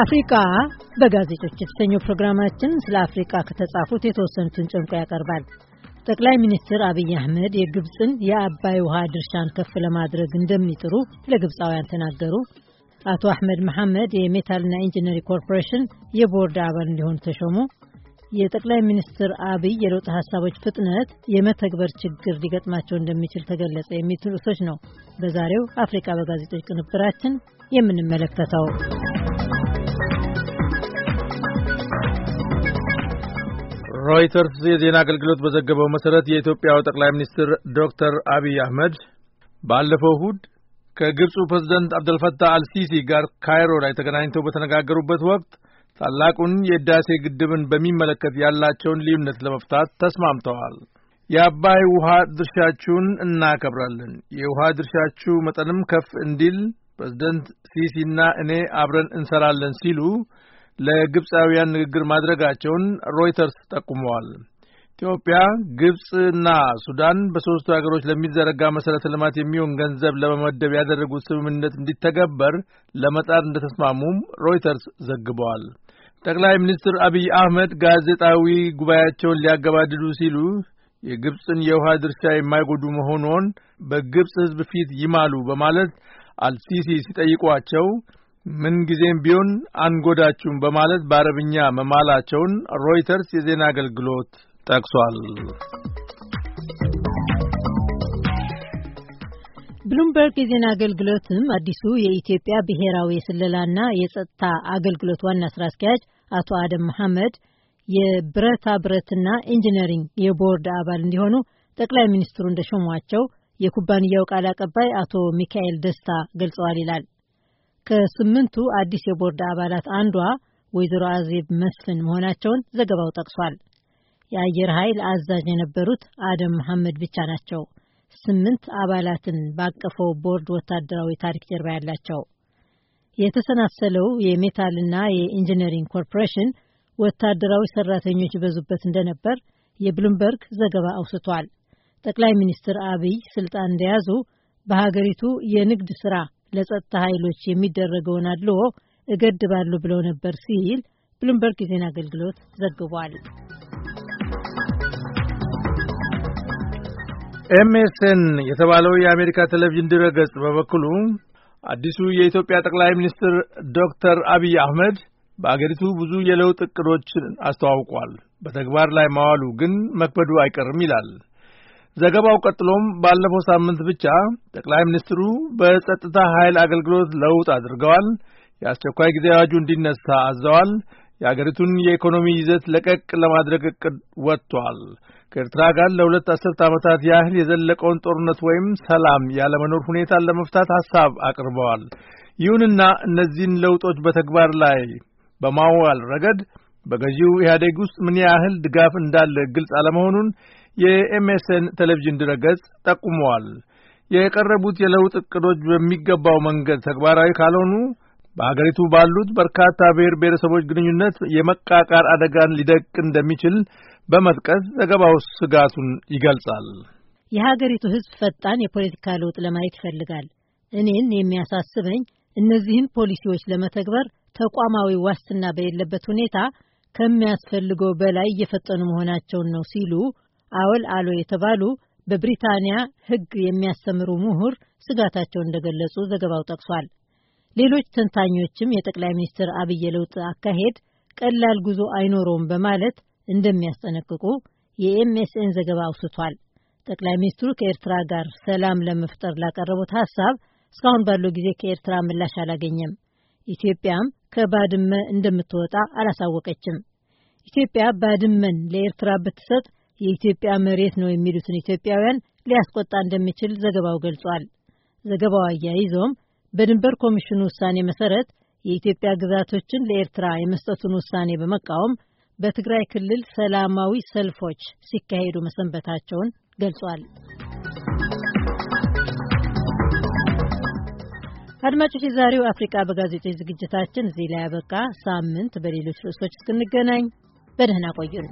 አፍሪካ በጋዜጦች የተሰኘው ፕሮግራማችን ስለ አፍሪካ ከተጻፉት የተወሰኑትን ጨምቆ ያቀርባል። ጠቅላይ ሚኒስትር አብይ አህመድ የግብፅን የአባይ ውሃ ድርሻን ከፍ ለማድረግ እንደሚጥሩ ለግብፃውያን ተናገሩ። አቶ አህመድ መሐመድ የሜታልና ኢንጂነሪ ኮርፖሬሽን የቦርድ አባል እንዲሆኑ ተሾሙ። የጠቅላይ ሚኒስትር አብይ የለውጥ ሀሳቦች ፍጥነት የመተግበር ችግር ሊገጥማቸው እንደሚችል ተገለጸ። የሚሉት ርዕሶች ነው በዛሬው አፍሪካ በጋዜጦች ቅንብራችን የምንመለከተው። ሮይተርስ የዜና አገልግሎት በዘገበው መሠረት የኢትዮጵያው ጠቅላይ ሚኒስትር ዶክተር አብይ አህመድ ባለፈው እሁድ ከግብፁ ፕሬዝደንት አብደልፈታህ አልሲሲ ጋር ካይሮ ላይ ተገናኝተው በተነጋገሩበት ወቅት ታላቁን የዳሴ ግድብን በሚመለከት ያላቸውን ልዩነት ለመፍታት ተስማምተዋል። የአባይ ውሃ ድርሻችሁን እናከብራለን፣ የውሃ ድርሻችሁ መጠንም ከፍ እንዲል ፕሬዝደንት ሲሲና እኔ አብረን እንሰራለን ሲሉ ለግብፃውያን ንግግር ማድረጋቸውን ሮይተርስ ጠቁመዋል። ኢትዮጵያ፣ ግብፅና ሱዳን በሦስቱ ሀገሮች ለሚዘረጋ መሠረተ ልማት የሚሆን ገንዘብ ለመመደብ ያደረጉት ስምምነት እንዲተገበር ለመጣር እንደተስማሙም ሮይተርስ ዘግበዋል። ጠቅላይ ሚኒስትር አብይ አህመድ ጋዜጣዊ ጉባኤያቸውን ሊያገባድዱ ሲሉ የግብፅን የውሃ ድርሻ የማይጎዱ መሆኑን በግብፅ ሕዝብ ፊት ይማሉ በማለት አልሲሲ ሲጠይቋቸው ምንጊዜም ቢሆን አንጎዳችሁም በማለት በአረብኛ መማላቸውን ሮይተርስ የዜና አገልግሎት ጠቅሷል። ብሉምበርግ የዜና አገልግሎትም አዲሱ የኢትዮጵያ ብሔራዊ የስለላና የጸጥታ አገልግሎት ዋና ስራ አስኪያጅ አቶ አደም መሐመድ የብረታ ብረትና ኢንጂነሪንግ የቦርድ አባል እንዲሆኑ ጠቅላይ ሚኒስትሩ እንደሾሟቸው የኩባንያው ቃል አቀባይ አቶ ሚካኤል ደስታ ገልጸዋል ይላል። ከስምንቱ አዲስ የቦርድ አባላት አንዷ ወይዘሮ አዜብ መስፍን መሆናቸውን ዘገባው ጠቅሷል። የአየር ኃይል አዛዥ የነበሩት አደም መሐመድ ብቻ ናቸው ስምንት አባላትን ባቀፈው ቦርድ ወታደራዊ ታሪክ ጀርባ ያላቸው። የተሰናሰለው የሜታልና የኢንጂነሪንግ ኮርፖሬሽን ወታደራዊ ሰራተኞች ይበዙበት እንደነበር የብሉምበርግ ዘገባ አውስቷል። ጠቅላይ ሚኒስትር አብይ ስልጣን እንደያዙ በሀገሪቱ የንግድ ስራ ለጸጥታ ኃይሎች የሚደረገውን አድልዎ እገድባሉ ብለው ነበር ሲል ብሉምበርግ የዜና አገልግሎት ዘግቧል። ኤምኤስኤን የተባለው የአሜሪካ ቴሌቪዥን ድረገጽ በበኩሉ አዲሱ የኢትዮጵያ ጠቅላይ ሚኒስትር ዶክተር አብይ አህመድ በአገሪቱ ብዙ የለውጥ እቅዶችን አስተዋውቋል፣ በተግባር ላይ ማዋሉ ግን መክበዱ አይቀርም ይላል። ዘገባው ቀጥሎም ባለፈው ሳምንት ብቻ ጠቅላይ ሚኒስትሩ በጸጥታ ኃይል አገልግሎት ለውጥ አድርገዋል፣ የአስቸኳይ ጊዜ አዋጁ እንዲነሳ አዘዋል፣ የአገሪቱን የኢኮኖሚ ይዘት ለቀቅ ለማድረግ እቅድ ወጥቷል፣ ከኤርትራ ጋር ለሁለት አስርት ዓመታት ያህል የዘለቀውን ጦርነት ወይም ሰላም ያለመኖር ሁኔታን ለመፍታት ሐሳብ አቅርበዋል። ይሁንና እነዚህን ለውጦች በተግባር ላይ በማዋል ረገድ በገዢው ኢህአዴግ ውስጥ ምን ያህል ድጋፍ እንዳለ ግልጽ አለመሆኑን የኤምኤስኤን ቴሌቪዥን ድረገጽ ጠቁመዋል። የቀረቡት የለውጥ እቅዶች በሚገባው መንገድ ተግባራዊ ካልሆኑ በአገሪቱ ባሉት በርካታ ብሔር ብሔረሰቦች ግንኙነት የመቃቃር አደጋን ሊደቅ እንደሚችል በመጥቀስ ዘገባው ስጋቱን ይገልጻል። የሀገሪቱ ሕዝብ ፈጣን የፖለቲካ ለውጥ ለማየት ይፈልጋል። እኔን የሚያሳስበኝ እነዚህን ፖሊሲዎች ለመተግበር ተቋማዊ ዋስትና በሌለበት ሁኔታ ከሚያስፈልገው በላይ እየፈጠኑ መሆናቸውን ነው ሲሉ አወል አሎ የተባሉ በብሪታንያ ሕግ የሚያስተምሩ ምሁር ስጋታቸውን እንደገለጹ ዘገባው ጠቅሷል። ሌሎች ተንታኞችም የጠቅላይ ሚኒስትር አብይ የለውጥ አካሄድ ቀላል ጉዞ አይኖረውም በማለት እንደሚያስጠነቅቁ የኤምኤስኤን ዘገባ አውስቷል። ጠቅላይ ሚኒስትሩ ከኤርትራ ጋር ሰላም ለመፍጠር ላቀረቡት ሀሳብ እስካሁን ባለው ጊዜ ከኤርትራ ምላሽ አላገኘም። ኢትዮጵያም ከባድመ እንደምትወጣ አላሳወቀችም። ኢትዮጵያ ባድመን ለኤርትራ ብትሰጥ የኢትዮጵያ መሬት ነው የሚሉትን ኢትዮጵያውያን ሊያስቆጣ እንደሚችል ዘገባው ገልጿል። ዘገባው አያይዞም በድንበር ኮሚሽኑ ውሳኔ መሰረት የኢትዮጵያ ግዛቶችን ለኤርትራ የመስጠቱን ውሳኔ በመቃወም በትግራይ ክልል ሰላማዊ ሰልፎች ሲካሄዱ መሰንበታቸውን ገልጿል። አድማጮች፣ የዛሬው አፍሪቃ በጋዜጦች ዝግጅታችን እዚህ ላይ ያበቃ። ሳምንት በሌሎች ርዕሶች እስክንገናኝ በደህና ቆዩን።